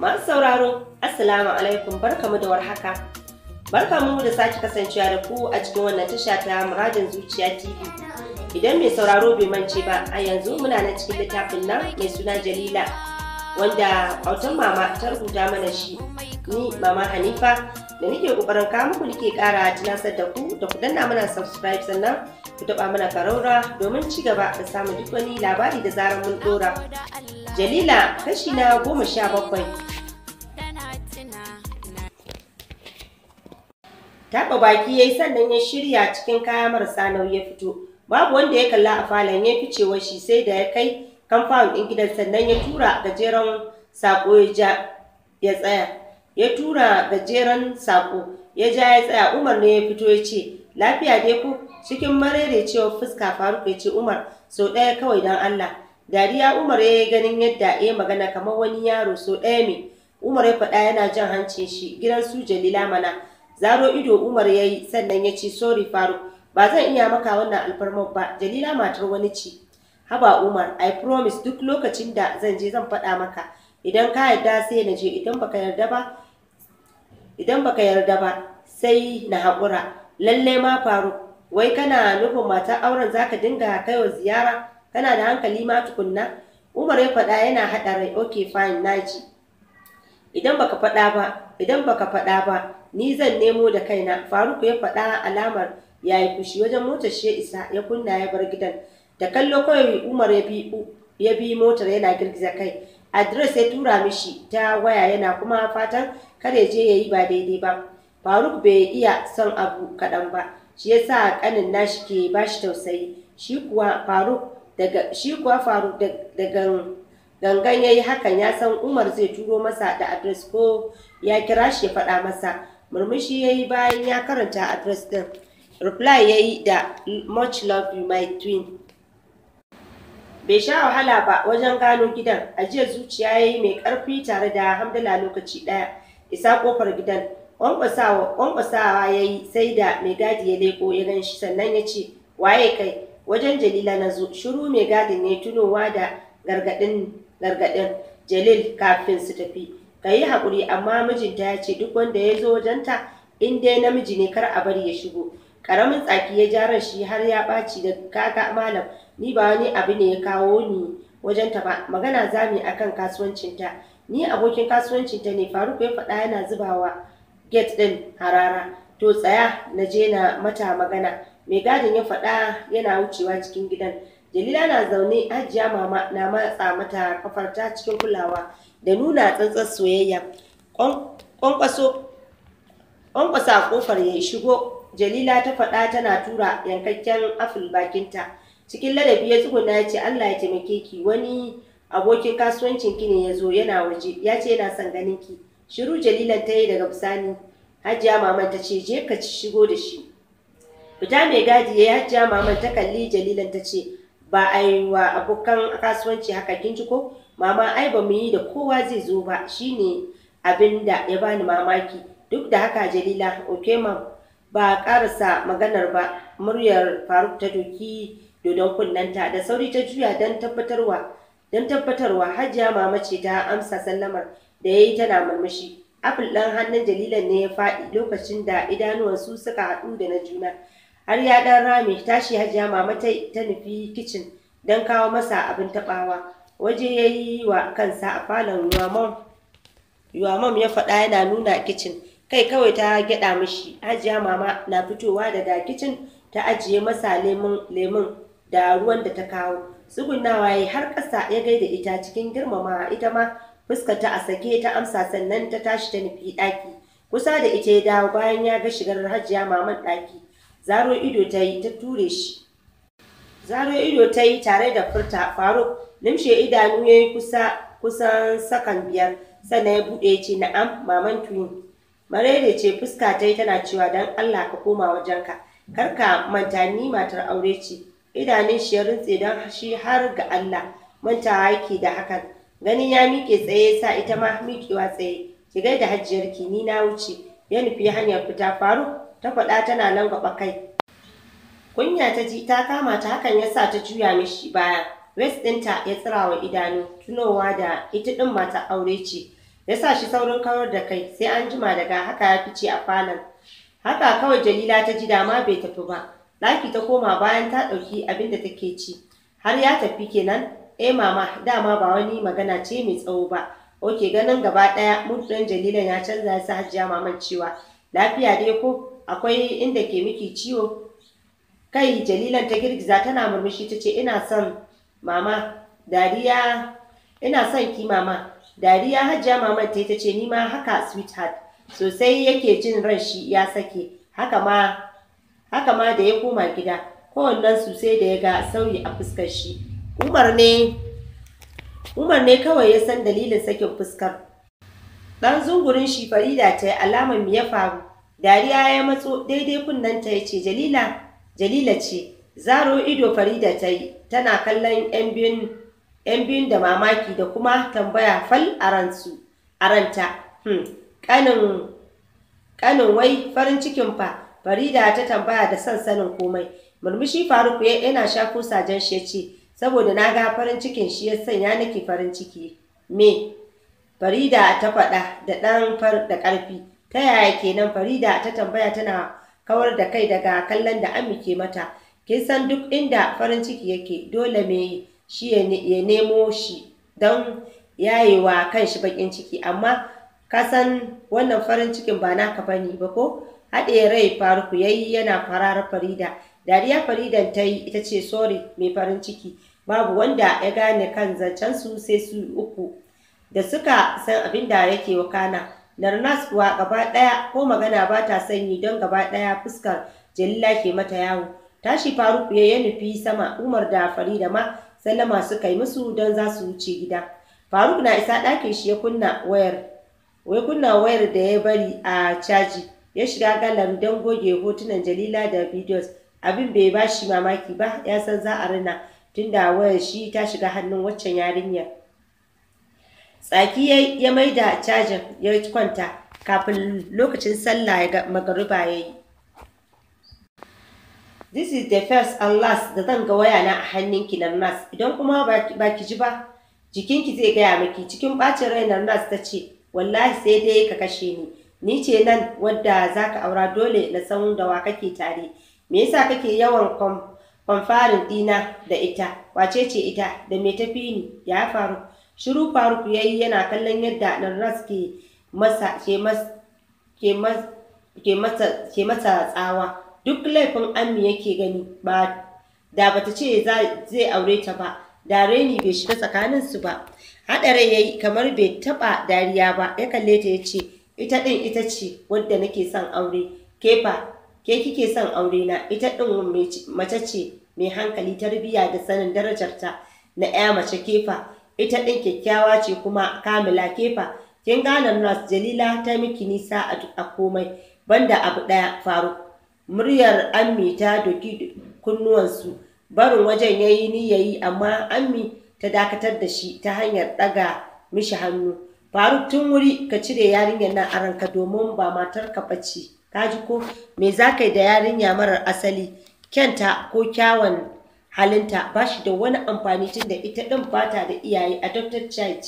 Masu sauraro, Assalamu alaikum barkamu da warhaka. Barkamu da sake kasancewa da ku a cikin wannan tasha ta muradin zuciya TV. Idan mai sauraro bai mance ba, a yanzu muna na cikin littafin nan mai suna Jalila, wanda autan mama ta rubuta mana shi. Ni mama Hanifa da nike kokarin kawo muku nake kara tunasar da ku da ku danna mana subscribe sannan ku daba mana karaura domin ci gaba da samun duk wani labari da zarar mun dora jalila kashi na goma sha bakwai taɓa baki ya yi sannan ya shirya cikin kaya marasa nauyi ya fito babu wanda ya kalla a falon ya fi cewa shi sai da ya kai kamfan ɗin gidan sannan ya tura gajeren sako ya ja ya tsaya ya tura gajeren sako ya ja ya tsaya umar ne ya fito ya ce Lafiya dai ku? Cikin cewa fuska Faruk ya ce Umar sau ɗaya kawai don Allah. Dariya Umar ya yi ganin yadda ya magana kamar wani yaro sau ɗaya mai. Umar ya faɗa yana jan hancin shi gidan su Jalila mana. Zaro ido Umar ya yi sannan ya ce "Sori, Faruk ba zan iya maka wannan alfarmar ba Jalila matar wani ce. Haba Umar I promise duk lokacin da zan je zan faɗa maka idan ka yarda sai na je idan baka yarda ba sai na haƙura Lallai ma faru wai kana nufin mata auren zaka ka dinga kaiwa ziyara? Kana da hankali ma tukunna? Umar ya faɗa yana haɗa rai, okay fine, na Idan baka faɗa ba, idan baka faɗa ba, ni zan nemo da kaina. Faruk ya faɗa alamar ya yi fushi wajen motar shi ya isa ya kunna ya bar gidan. Da kallo kawai Umar ya bi ya bi motar yana girgiza kai. Adres ya tura mishi ta waya yana kuma fatan kada ya je ya yi ba daidai ba. Faruk bai iya son abu kaɗan ba, shi yasa ƙanin nashi ke ba shi tausayi, shi kuwa Faruk daga shi kuwa Faruk daga gangan ya yi hakan ya san Umar zai turo masa da adres ko ya kira shi ya faɗa masa. Murmushi ya yi bayan ya karanta adres ɗin. Reply ya yi da much love you my twin. Bai sha wahala ba wajen gano gidan, ajiyar zuciya ya yi mai ƙarfi tare da hamdala lokaci ɗaya, isa ƙofar gidan. Kwankwasawa ya yi sai da mai gadi ya leko ya gan shi sannan ya ce, Waye kai, wajen Jalila na zo, shiru mai gadin ne tunowa da gargadin Jalil kafin su tafi. Ka yi haƙuri amma mijinta ya ce duk wanda ya zo wajenta in dai namiji ne kar a bari ya shigo. Karamin tsaki ya jaran shi har ya ɓaci da kaka malam ni ba wani abu ne ya kawo ni wajenta ba magana zami akan kasuwancinta ni abokin kasuwancinta ne Faruk ya faɗa yana zubawa gate ɗin harara to tsaya na je na mata magana mai gadin ya faɗa yana wucewa cikin gidan Jalila na zaune Hajiya mama na matsa mata kafarta cikin kulawa da nuna tsantsar soyayya kwankwaso a kofar ya shigo Jalila ta faɗa tana tura yankakken afil bakinta cikin ladabi ya tsuguna ya ce Allah ya taimake ki wani abokin kasuwancin ki ne ya zo yana waje ya ce yana son ganin ki Shiru Jalila ta yi daga bisani. Hajiya Maman ta ce je ka shigo da shi. Fita mai gadi ya yi Hajiya Maman ta kalli Jalilan ta ce ba a yi wa abokan kasuwanci haka kin ji ko? Mama ai ba mu yi da kowa zai zo ba shine abin da ya bani mamaki. Duk da haka Jalila, ok mam, ba karasa maganar ba muryar Faruk ta doki dodon kunnanta da sauri ta juya don tabbatarwa don tabbatarwa hajiya mama ce ta amsa sallamar da ya yi tana murmushi. Apple ɗan hannun Jalilan ne ya faɗi lokacin da idanuwan su suka haɗu da na juna. Har ya ɗan rame tashi hajiya mama ta nufi kicin don kawo masa abin taɓawa. Waje ya yi wa kansa a falon mom ya faɗa yana nuna kicin. Kai kawai ta gyaɗa mishi. Hajiya mama na fitowa da kicin ta ajiye masa lemun da ruwan da ta kawo. Tsugunawa ya har ƙasa ya gaida ita cikin girmama ita ma fuskar ta a sake ta amsa sannan ta tashi ta nufi ɗaki kusa da ita ya dawo bayan ya ga shigar hajiya maman ɗaki zaro ido ta yi ta ture shi zaro ido ta yi tare da furta faruk nimshe idanu ya yi kusa kusan sakan biyar sannan ya buɗe ya ce na'am maman tuyin marere ce fuska ta yi tana cewa don allah ka koma wajenka kar ka manta ni matar aure ce idanun shi ya rintse don shi har ga allah manta yake da hakan Ganin ya miƙe tsaye sa ita ma miƙewa tsaye. Ki da hajjiyarki ni na wuce. Ya nufi hanyar fita faru ta faɗa tana nan gaba kai. Kunya ta ji ta kama ta hakan ya sa ta juya mishi baya. West ɗinta ya tsirawa idanu tunowa da ita ɗin mata aure ce. Ya sa shi saurin kawar da kai sai an jima daga haka ya fice a falon. Haka kawai Jalila ta ji dama bai tafi ba. Laki ta koma bayan ta ɗauki abin da take ci. Har ya tafi kenan eh mama dama ba wani magana ce mai tsawo ba oke ganin gaba ɗaya mutuwan Jalila ya canza sa hajiya maman cewa lafiya dai ko akwai inda ke miki ciwo kai jalilan ta girgiza tana murmushi ta ce ina son mama dariya ina son ki mama dariya hajiya maman ta ta ce ni ma haka sweetheart sosai yake jin ran shi ya sake haka ma haka ma da ya koma gida kowannen su sai da ya ga sauyi a fuskar shi Umar ne Umar ne kawai ya san dalilin sakin fuskar. Ɗan zungurin shi Farida ta yi alamar me ya faru. Dariya ya matso daidai kunnen ta yace Jalila Jalila ce zaro ido Farida ta yi tana kallon yan biyun da mamaki da kuma tambaya fal a ransu ranta. Hmm. Kanin kanin wai farin cikin fa Farida ta tambaya da son sanin komai. Murmushi Faruk yana shafo sajen shi ya ce saboda na ga farin cikin shi ya sanya nake farin ciki me farida ta faɗa da ɗan far da ƙarfi ta yaya kenan farida ta tambaya tana kawar da kai daga kallon da ami ke mata kin san duk inda farin ciki yake dole me shi ya nemo shi don yayewa kan shi bakin ciki amma ka san wannan farin cikin ba naka bane ba ko haɗe rai faruku yayi yana farar farida dariya faridan ta yi ita ce sorry mai farin ciki babu wanda ya gane kan zancen su sai su uku da suka san abin da yake wakana Narnas kuwa gaba ɗaya ko magana ba ta sanyi don gaba ɗaya fuskar Jalila ke mata yawo. Tashi Faruk ya nufi sama Umar da Farida ma sallama suka yi musu don za su wuce gida. Faruk na isa ɗakin shi ya kunna wayar. Wai kunna wayar da ya bari a caji. Ya shiga galam don goge hotunan Jalila da videos. Abin bai ba shi mamaki ba ya san za a rina tunda wayar shi ta shiga hannun waccan yarinyar tsaki ya da cajin ya kwanta kafin lokacin sallah ya magariba ya yi this is the first and last da zan ga waya na a hannunki nas idan kuma ba ki ji ba jikinki zai gaya maki, cikin bacin rai nas ta ce wallahi sai dai ka kashe ni ni ce nan wadda za ka aura dole na san da wa kake tare me yasa kake yawan kwam fanfarin ɗina da ita, wace ce ita, da me tafi ni, ya faru. Shiru Faruk ya yi yana kallon yadda Narras ke masa ke masa tsawa. Duk laifin Ammi yake gani ba da bata ce zai aure ta ba, da reni bai shiga tsakaninsu ba. Haɗa rai ya kamar bai taɓa dariya ba, ya kalle ta ya ce, ita ɗin ita ce wadda nake son aure, kefa ke kike son aure na ita din mace ce mai hankali tarbiyya da sanin darajarta na ya mace kefa ita din kyakkyawa ce kuma kamila kefa kin gane nas jalila ta miki nisa a komai banda abu ɗaya faru muryar ammi ta doki kunnuwansu barin wajen yayi niyayi amma ammi ta dakatar da shi ta hanyar daga mishi hannu faruk tun wuri ka cire yarinyar nan a ranka domin ba matar ka bace kaji ko me za ka yi da yarinya marar asali kyanta ko kyawun halinta ba shi da wani amfani tun da ita ɗin ba da iyaye a doctor ce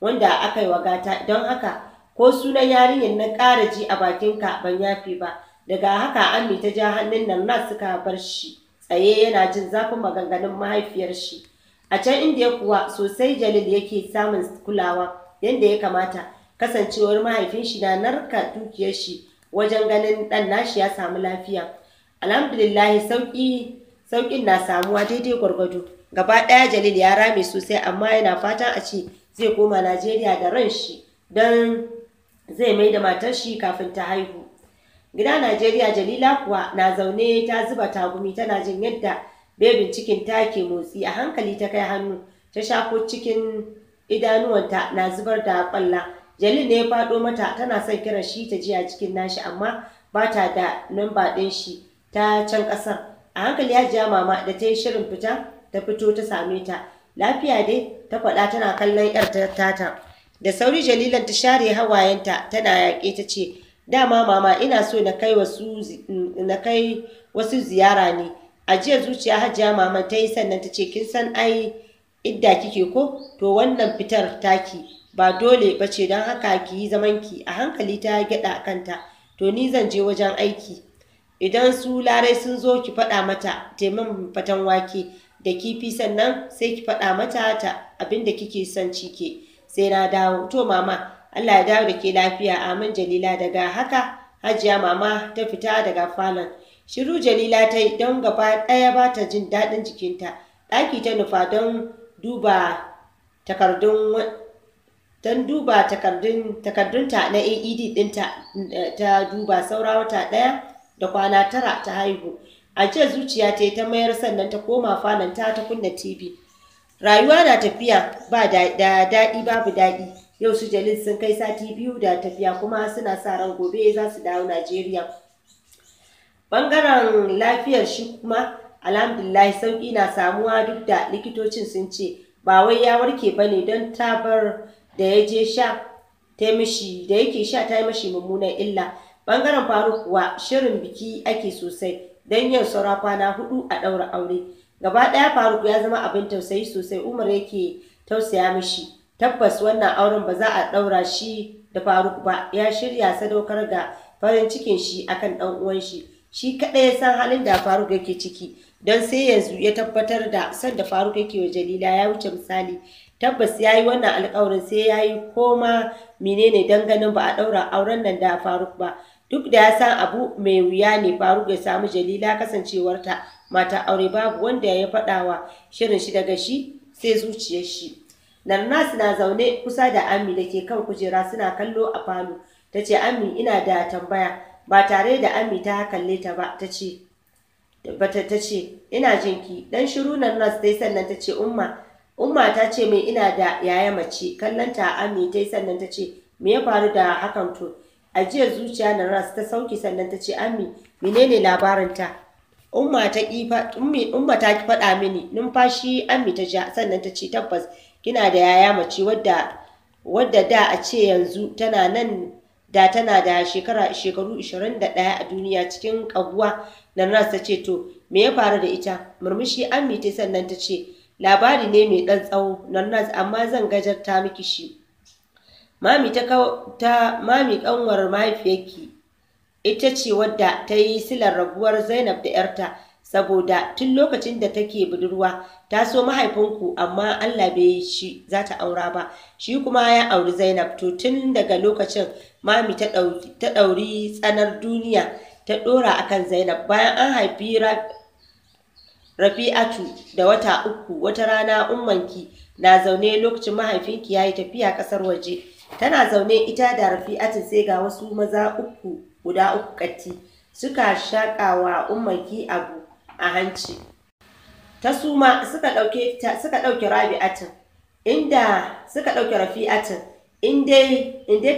wanda aka yi wa gata don haka ko sunan yarinyar na ƙara ji a bakinka ban yafi ba daga haka ammi ta ja hannun nan na suka bar shi tsaye yana jin zafin maganganun mahaifiyar shi a can ya kuwa sosai jalil yake samun kulawa yadda ya kamata kasancewar mahaifin shi na narka dukiyar shi wajen ganin dan nashi ya samu lafiya alhamdulillahi sauki sauƙin na samuwa daidai gwargwado gaba ɗaya jalil ya rame sosai amma yana fatan a ce zai koma najeriya da ran shi don zai mai da matar shi kafin ta haihu gida najeriya jalila kuwa na zaune ta zuba tagumi tana jin yadda bebin cikin ta ke motsi a hankali ta kai hannu ta shafo cikin idanuwanta na zubar da kwalla jalil ne ya faɗo mata tana son kiran shi ta ji a cikin nashi amma ba ta da namba ɗin shi ta can ƙasar a hankali ya ja mama da ta yi shirin fita ta fito ta same ta lafiya dai ta faɗa tana kallon yar ta tata da sauri jalilan ta share hawayenta tana yaƙe ta ce dama mama ina so na kai wasu na kai wasu ziyara ne a jiya zuciya hajiya mama ta yi sannan ta ce kin san ai idda kike ko to wannan fitar taki ba dole ba ce don haka ki yi ki. a hankali ta gyaɗa kanta to ni zan je wajen aiki idan su larai sun zo ki faɗa mata taimin fatan wake da kifi sannan sai ki faɗa mata ta abin da kike son cike. ke sai na dawo to mama Allah ya dawo da ke lafiya amin jalila daga haka hajiya mama ta fita daga falon shiru jalila ta yi don gaba ɗaya ba ta jin daɗin jikinta ɗaki ta nufa don duba takardun don duba takardunta na aed ɗinta eh, ta duba saura wata ɗaya da kwana tara ta haihu a ce zuciya ta yi ta mayar sannan ta koma falon ta ta kunna tv rayuwa na tafiya ba da daɗi babu daɗi yau su jalil sun kai sati biyu da tafiya kuma suna sa ran gobe za su dawo najeriya bangaren lafiyar shi kuma alhamdulillah sauki na samuwa duk da likitocin sun ce ba wai ya warke bane ne don bar da ya je sha ta mishi da yake sha ta mishi mummunan illa bangaren faruk kuwa shirin biki ake sosai don yin saura kwana hudu a daura aure gaba daya faruk ya zama abin tausayi sosai umar yake tausaya mishi tabbas wannan auren ba za a daura shi da faruk ba ya shirya sadaukar ga farin cikin shi akan dan uwan shi shi kaɗai ya san halin da faruk yake ciki don sai yanzu ya tabbatar da son da faruk yake wa jalila ya wuce misali tabbas ya yi wannan alkawarin sai ya yi koma menene ganin ba a ɗaura auren nan da faruk ba duk da ya san abu mai wuya ne faruk ya samu jalila kasancewarta mata aure babu wanda ya faɗawa shirin shi daga shi sai zuciyar shi narnas na zaune kusa da ami da ke kan kujera suna kallo a falo ta ce ami ina da tambaya ba tare da ami ta kalle ta ba ta ce bata ta ce ina jinki dan shiru narnas dai sannan ta ce umma Umma ta ce min ina da yaya mace kallon ta Ami ta sannan ta ce me ya faru da hakan to a jiya zuciya na ras ta sauki sannan ta ce Ami menene labarin ta Umma ta umma ta ki faɗa mini numfashi Ami ta ja sannan ta ce tabbas kina da yaya mace wadda wadda da a ce yanzu tana nan da tana da shekara shekaru 21 a duniya cikin kabuwa. nan ras ta ce to me ya faru da ita murmushi Ami ta sannan ta ce labari ne mai ɗan tsawo nas, amma zan gajarta miki shi mami ta ta mami kanwar mahaifiyarki ita ce wadda ta yi silar rabuwar Zainab da ‘yarta saboda tun lokacin da take budurwa ta so mahaifinku amma Allah bai shi za ta aura ba shi kuma ya auri Zainab to tun daga lokacin mami ta ɗauri tsanar duniya ta ɗora akan Zainab bayan an haifi Rafi'atu da wata uku wata rana ummanki na zaune lokacin mahaifinki ya yi tafiya ƙasar waje tana zaune ita da Rafi'atu sai ga wasu maza uku guda uku katti suka shaƙa wa ummanki abu a hanci ta suma suka dauke suka inda suka ta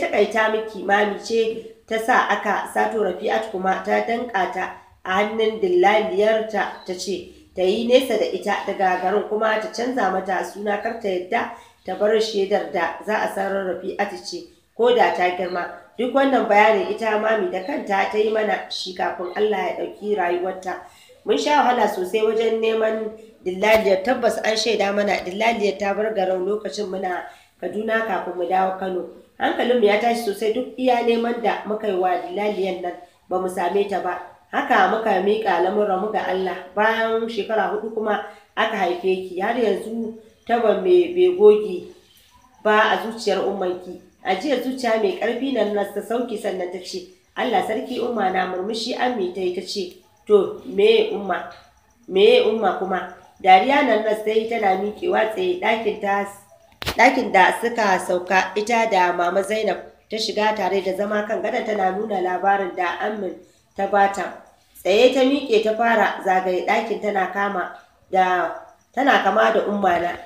takaita miki mami ce ta sa aka sato rafi'atu kuma ta danƙata a hannun dillaliyarta ta ce ta yi nesa da ita daga garin kuma ta canza mata suna kar ta yadda ta bar shaidar da za a san rarrafi ce ko da ta girma duk wannan bayanin ita mami da kanta ta yi mana shi kafin Allah ya ɗauki rayuwarta mun sha wahala sosai wajen neman dillaliyar tabbas an shaida mana dillaliyar ta bar garin lokacin muna Kaduna kafin mu dawo Kano hankalinmu ya tashi sosai duk iya neman da muka yi wa dillaliyar nan ba mu same ta ba haka muka miƙa lamurra mu ga Allah bayan shekara hudu kuma aka haife ki har yanzu taban mai goge ba a zuciyar ummanki a jiya zuciya mai karfi nan na ta sauki sannan ta ce Allah sarki umma na murmushi an ta ta ce to me umma me umma kuma dariya nan sai ta tana miƙewa tsaye ɗakin ta ɗakin da suka sauka ita da mama Zainab ta shiga tare da zama kan gadon tana nuna labarin da Amin ta bata tsaye ta miƙe ta fara zagaye ɗakin tana kama da tana kama da umbana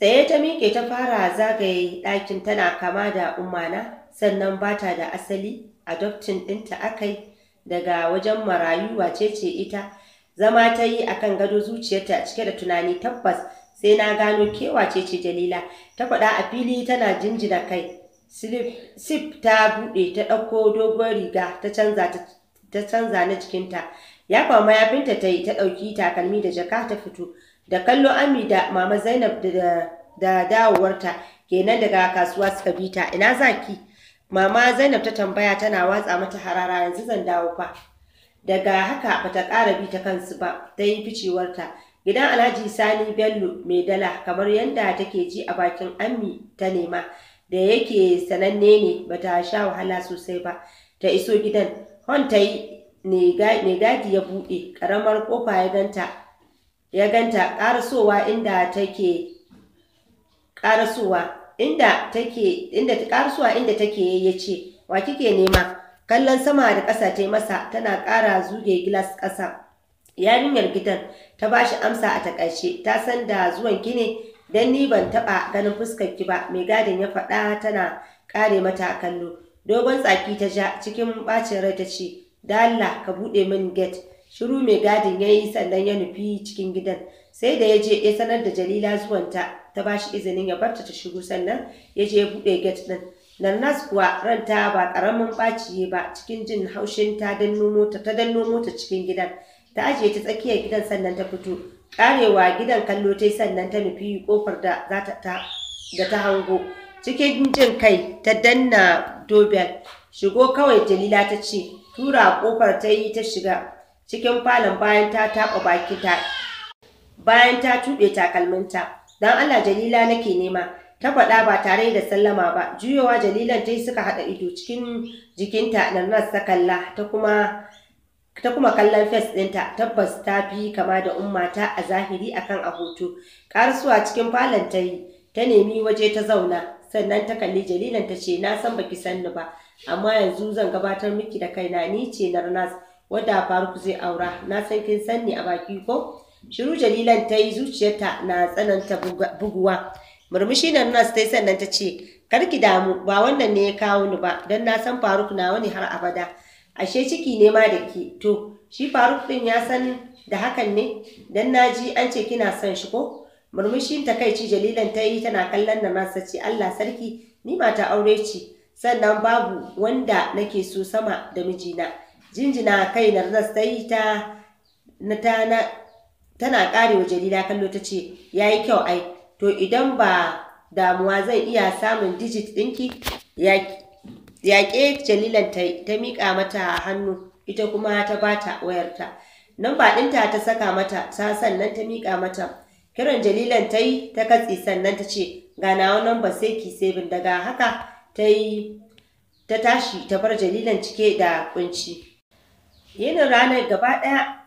tsaye ta miƙe ta fara zagaye ɗakin tana kama da umbana sannan bata da asali adoptin ɗinta akai daga wajen marayu wace ce ita zama ta yi a kan gado zuciyarta cike da tunani tabbas sai na gano ke wace ce Jalila ta faɗa a fili tana jinjina kai Sif ta buɗe ta ɗauko dogon riga ta canza na jikinta. Ya kwa mayafinta ta yi ta ɗauki takalmi da jaka ta fito. Da kallo Ami da Mama Zainab da dawowarta kenan daga kasuwa suka bi ta ina zaki. Mama Zainab ta tambaya tana watsa mata harara yanzu zan dawo fa. Daga haka bata ƙara bi ta kansu ba ta yi ficewarta. Gidan Alhaji Sani Bello mai dala kamar yadda take ji a bakin Ami ta nema. da yake sananne ne ba ta sha wahala sosai ba ta iso gidan hon ta yi ne gadi ya buɗe ƙaramar ƙofa ya ganta ya ƙarasowa inda take ƙarasowa inda take ƙarasowa inda take ya ce wa kike nema kallon sama da ƙasa ta yi masa tana ƙara zuge gilas ƙasa yarinyar gidan ta bashi amsa a takaice ta san da zuwan ki ne Don ni ban taɓa ganin fuskar ki ba mai gadin ya faɗa tana ƙare mata kallo dogon tsaki ta ja cikin ɓacin rai ta ce da Allah ka buɗe min gate shiru mai gadin ya yi sannan ya nufi cikin gidan sai da ya je ya sanar da Jalila zuwanta ta ba shi izinin ya barta ta shiru sannan ya je ya buɗe gate ɗin nas kuwa ranta ba ƙaramin ɓaci ba cikin jin haushin ta danno mota ta danno cikin gidan ta ajiye ta tsakiyar gidan sannan ta fito karewa gidan kallo ta sannan ta nufi kofar da za ta da ta hango cikin jin kai ta danna dobel shigo kawai jalila ta ce tura kofar ta yi ta shiga cikin falon bayan ta taɓa baki ta bayan ta tuɓe takalminta don allah jalila nake nema ta faɗa ba tare da sallama ba juyowa jalilan ta yi suka haɗa ido cikin jikinta nan ta ta kuma ta kuma kallon fes ɗinta tabbas ta fi kama da ummata a zahiri akan a hoto karasuwa cikin falon ta yi ta nemi waje ta zauna sannan ta kalli jalilan ta ce na san baki san ni ba amma yanzu zan gabatar miki da kaina ni ce narnas wadda faruk zai aura na san kin san ni a baki ko shiru jalilan ta yi zuciyarta na tsananta buguwa murmushi narnas ta yi sannan ta ce kar ki damu ba wannan ne ya kawo ni ba don na san faruk na wani har abada ashe ciki ne ma da ke to shi faruk din ya san da hakan ne dan naji an ce kina son shi ko murmushin takaici jalilan ta yi tana kallon da masa ce Allah sarki ni mata aure ce sannan babu wanda nake so sama da mijina jinjina kai na ta ta tana karewa jalila kallo ta ce yayi kyau ai to idan ba damuwa zan iya samun digit dinki? yaki Yaƙe Jalilan ta miƙa mata hannu ita kuma ta bata wayarta. nan ɗinta ta saka mata ta sannan ta miƙa mata. Kiran Jalilan ta yi ta katse sannan ta ce ga nawa ba sai ki bin daga haka ta yi ta tashi ta bar Jalilan cike da kunci. Yin ranar gaba ɗaya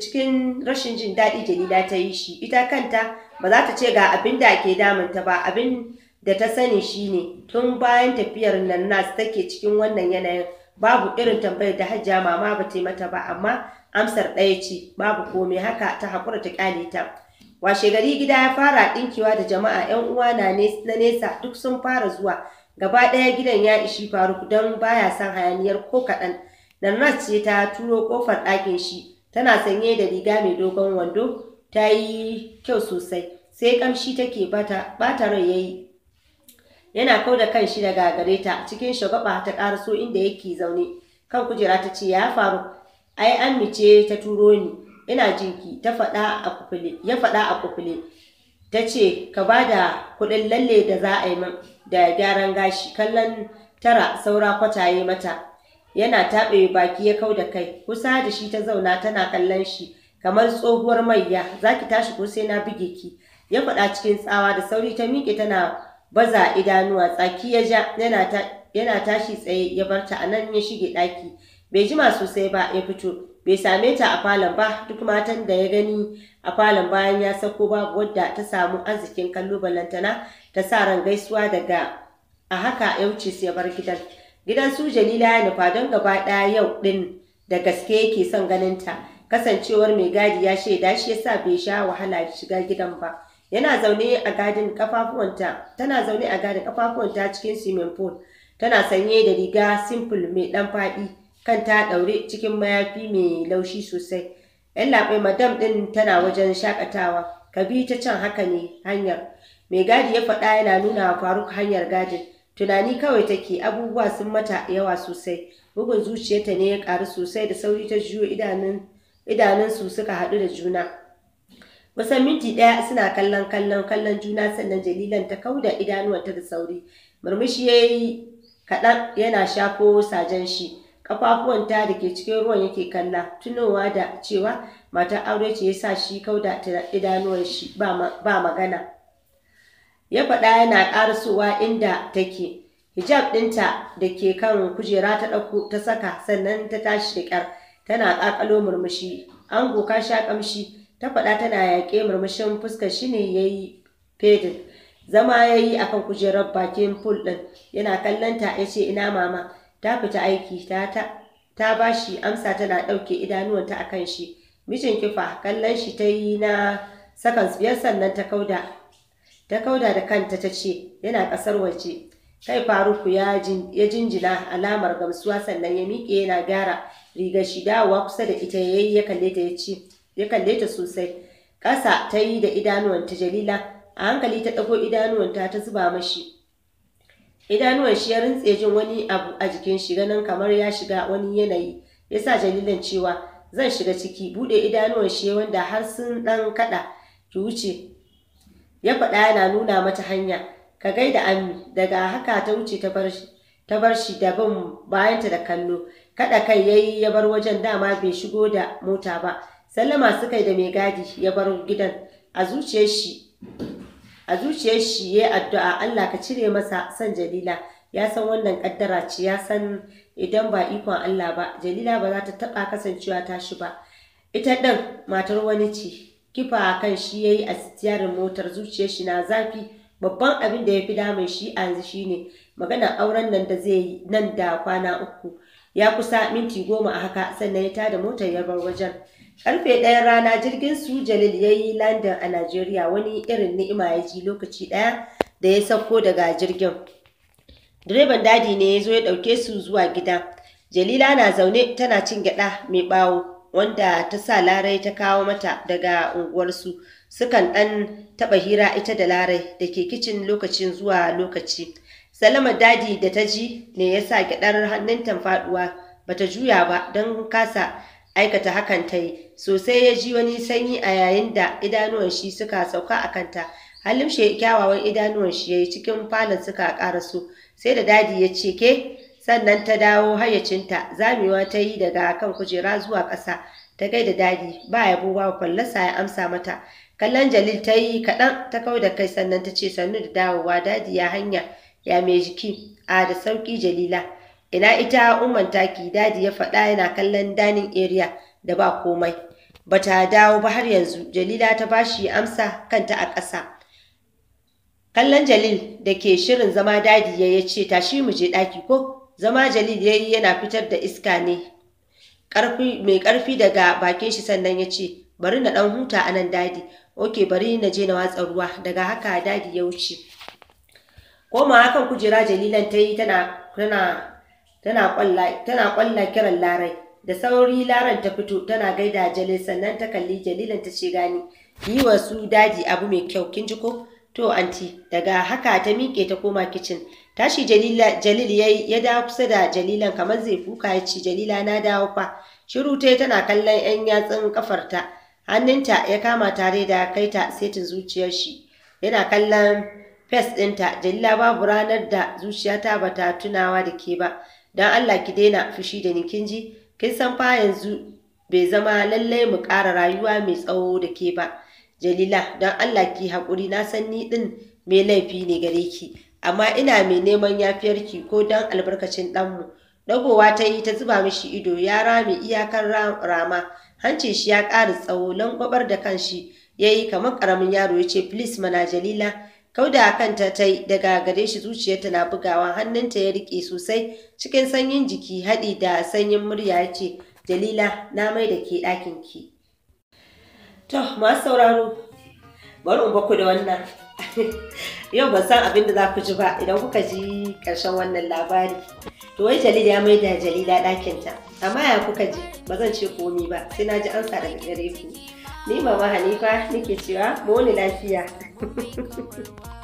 cikin rashin jin daɗi Jalila ta yi shi ita kanta ba za ta ce ga abin da ke damunta ba abin da ta sani shi ne, tun bayan tafiyar nan nas take cikin wannan yanayin babu irin tambayar da hajja mama ba ta mata ba amma amsar ɗaya ce babu komai haka ta haƙura ta ƙyale ta washe gari gida ya fara ɗinkewa da jama'a 'yan uwa na nesa duk sun fara zuwa gaba ɗaya gidan ya ishi faru don baya son hayaniyar ko kaɗan nannas ce ta turo ƙofar ɗakin shi tana sanye da riga mai dogon wando ta yi kyau sosai sai ƙamshi take bata rai yayi yana kau da shi daga gare ta cikin shagaba ta ƙaraso inda yake zaune kan kujera ta ce ya faru ai an mice ta turo ni ina jinki ta faɗa a kufule ya faɗa a kufule ta ce ka ba da kuɗin lalle da za a yi min da gyaran gashi kallon tara saura kwataye mata yana taɓe baki ya kau da kai kusa da shi ta zauna tana kallon shi kamar tsohuwar maiya za ki tashi ko sai na buge ki ya faɗa cikin tsawa da sauri ta miƙe tana baza idanuwa tsaki ya ja yana tashi tsaye ya barta a nan ya shige daki bai jima sosai ba ya fito bai same ta a falon ba duk matan da ya gani a falon bayan ya sako babu wadda ta samu arzikin kallo balantana ta sa ran gaisuwa daga a haka ya wuce sai bar gidan gidan su jalila ya nufa don gaba ɗaya yau din da gaske yake son ganin ta kasancewar mai gadi ya shaida shi yasa bai sha wahala shiga gidan ba yana zaune a gadin kafafuwanta tana zaune a gadin kafafuwanta cikin swimming pool tana sanye da riga simple mai dan faɗi kanta daure cikin mayafi mai laushi sosai yan labai madam din tana wajen shakatawa kabi ta can haka ne hanyar mai gadi ya faɗa yana nuna wa faruk hanyar gadin tunani kawai take abubuwa sun mata yawa sosai bugun zuciyarta ne ya ƙaru sosai da sauri ta juyo idanun idanunsu suka haɗu da juna Kusan minti ɗaya suna kallon kallon kallon juna sannan Jalilan ta kauda idanuwanta da sauri. Murmushi ya yi kaɗan yana shafo sajen shi. Ƙafafuwanta da ke cikin ruwan yake kalla tunowa da cewa matar aure ce ya sa shi kauda idanuwan shi ba magana. Ya faɗa yana ƙarasowa inda take. Hijab ɗinta da ke kan kujera ta ɗauko ta saka sannan ta tashi da kyar tana ƙaƙalo murmushi. Ango ka sha ƙamshi ta faɗa tana yaƙe murmushin fuskar shi ne ya yi fedin zama ya yi akan kujerar bakin pool ɗin yana kallon ta ya ce ina mama ta fita aiki ta ta ba shi amsa tana ɗauke idanuwanta a kan shi mijin kifa kallon shi ta yi na sakan biyar sannan ta kauda ta kauda da kanta ta ce yana ƙasar waje kai faruku ya jinjina alamar gamsuwa sannan ya miƙe yana gyara rigar shi dawowa kusa da ita ya yi ya kalle ta ya ce ya kalle ta sosai ƙasa ta yi da idanuwanta jalila a hankali ta ɗago idanuwanta ta zuba mashi idanuwan shi ya rintse jin wani abu a jikin shi ganin kamar ya shiga wani yanayi ya sa jalilan cewa zan shiga ciki buɗe idanuwan shi wanda har sun ɗan kaɗa ki wuce ya faɗa yana nuna mata hanya ka gaida amin. daga haka ta wuce ta bar shi ta bar shi da bin bayanta da kallo kada kai yayi ya bar wajen dama bai shigo da mota ba sallama suka yi da mai gadi ya bar gidan a zuciyar shi a zuciyar shi ya addu'a Allah ka cire masa san Jalila ya san wannan kaddara ce ya san idan ba ikon Allah ba Jalila ba za ta taba kasancewa ta shi ba ita din matar wani ce kifa kan shi yayi a sitiyarin motar zuciyar shi na zafi babban abin da ya fi damun shi a yanzu shine maganar auren nan da zai yi nan da kwana uku ya kusa minti goma a haka sannan ya tada motar ya bar wajen Karfe ɗayan rana jirgin su Jalil ya yi landin a Najeriya wani irin ni'ima ya ji lokaci ɗaya da ya sauko daga jirgin. Direban dadi ne ya zo ya ɗauke su zuwa gida. Jalila na zaune tana cin gyaɗa mai ɓawo wanda ta sa Larai ta kawo mata daga unguwarsu. Sukan ɗan taɓa hira ita da Larai da ke kicin lokacin zuwa lokaci. Salama dadi da ta ji ne ya sa gyaɗar hannunta faɗuwa bata juya ba don kasa aikata hakan ta yi sosai ya ji wani sanyi a yayin da idanuwan shi suka sauka a kanta halin shi kyawawan idanuwan shi ya yi cikin falon suka su, sai da dadi ya ce ke sannan ta dawo hayyacinta zamewa ta yi daga kan kujera zuwa ƙasa ta gaida dadi ba ya ba fallasa ya amsa mata kallon jalil ta yi kaɗan ta kau da kai sannan ta ce sannu da dawowa dadi ya hanya ya mai jiki a da sauƙi jalila ina ita umman taki dadi ya faɗa yana kallon dining area da ba komai bata dawo ba har yanzu jalila ta bashi amsa kanta a ƙasa kallon jalil da ke shirin zama dadi ya ya ce tashi mu je ɗaki ko zama jalil ya yi yana fitar da iska ne mai ƙarfi daga bakin shi sannan ya ce bari na ɗan huta a nan dadi oke bari na je na watsa ruwa daga haka dadi ya wuce koma hakan kujera jalilan ta yi tana tana ƙwalla kiran larai da sauri laran ta fito tana gaida jalil sannan ta kalli jalilan ta ce gani yi wa su daji abu mai kyau kin ji ko to anti daga haka ta miƙe ta koma kicin tashi jalila jalil ya dawo kusa da jalilan kamar zai fuka ya ce jalila na dawo fa shiru ta tana kallon yan yatsun kafarta hannunta ya kama tare da kaita setin zuciyar shi yana kallon fes ɗinta jalila babu ranar da zuciyata bata tunawa da ke ba don Allah ki daina fushi da ni kin ji kin san fa yanzu bai zama lallai mu ƙara rayuwa mai tsawo da ke ba Jalila don Allah ki haƙuri na san ni ɗin mai laifi ne gare ki amma ina mai neman yafiyar ki, ko don albarkacin ɗanmu Dagowa ta yi ta zuba mishi ido ya rame iyakar rama hancin shi ya ƙara tsawo lankwabar da kanshi ya yi kamar ƙaramin yaro ya ce please mana Jalila kau da kanta ta yi daga gare shi zuciyarta na bugawa hannunta ya rike sosai cikin sanyin jiki haɗi da sanyin murya ya ce Dalila na mai da ke ɗakin ki. To masu sauraro bari in baku da wannan. Yau ba san abin da za ku ji ba idan kuka ji ƙarshen wannan labari. To wai Jalila ya mai da Jalila ɗakinta. Amma ya kuka ji ba zan ce komi ba sai na ji ansa daga gare ku. Ni mama Hanifa nake cewa mu wani lafiya. ¡Por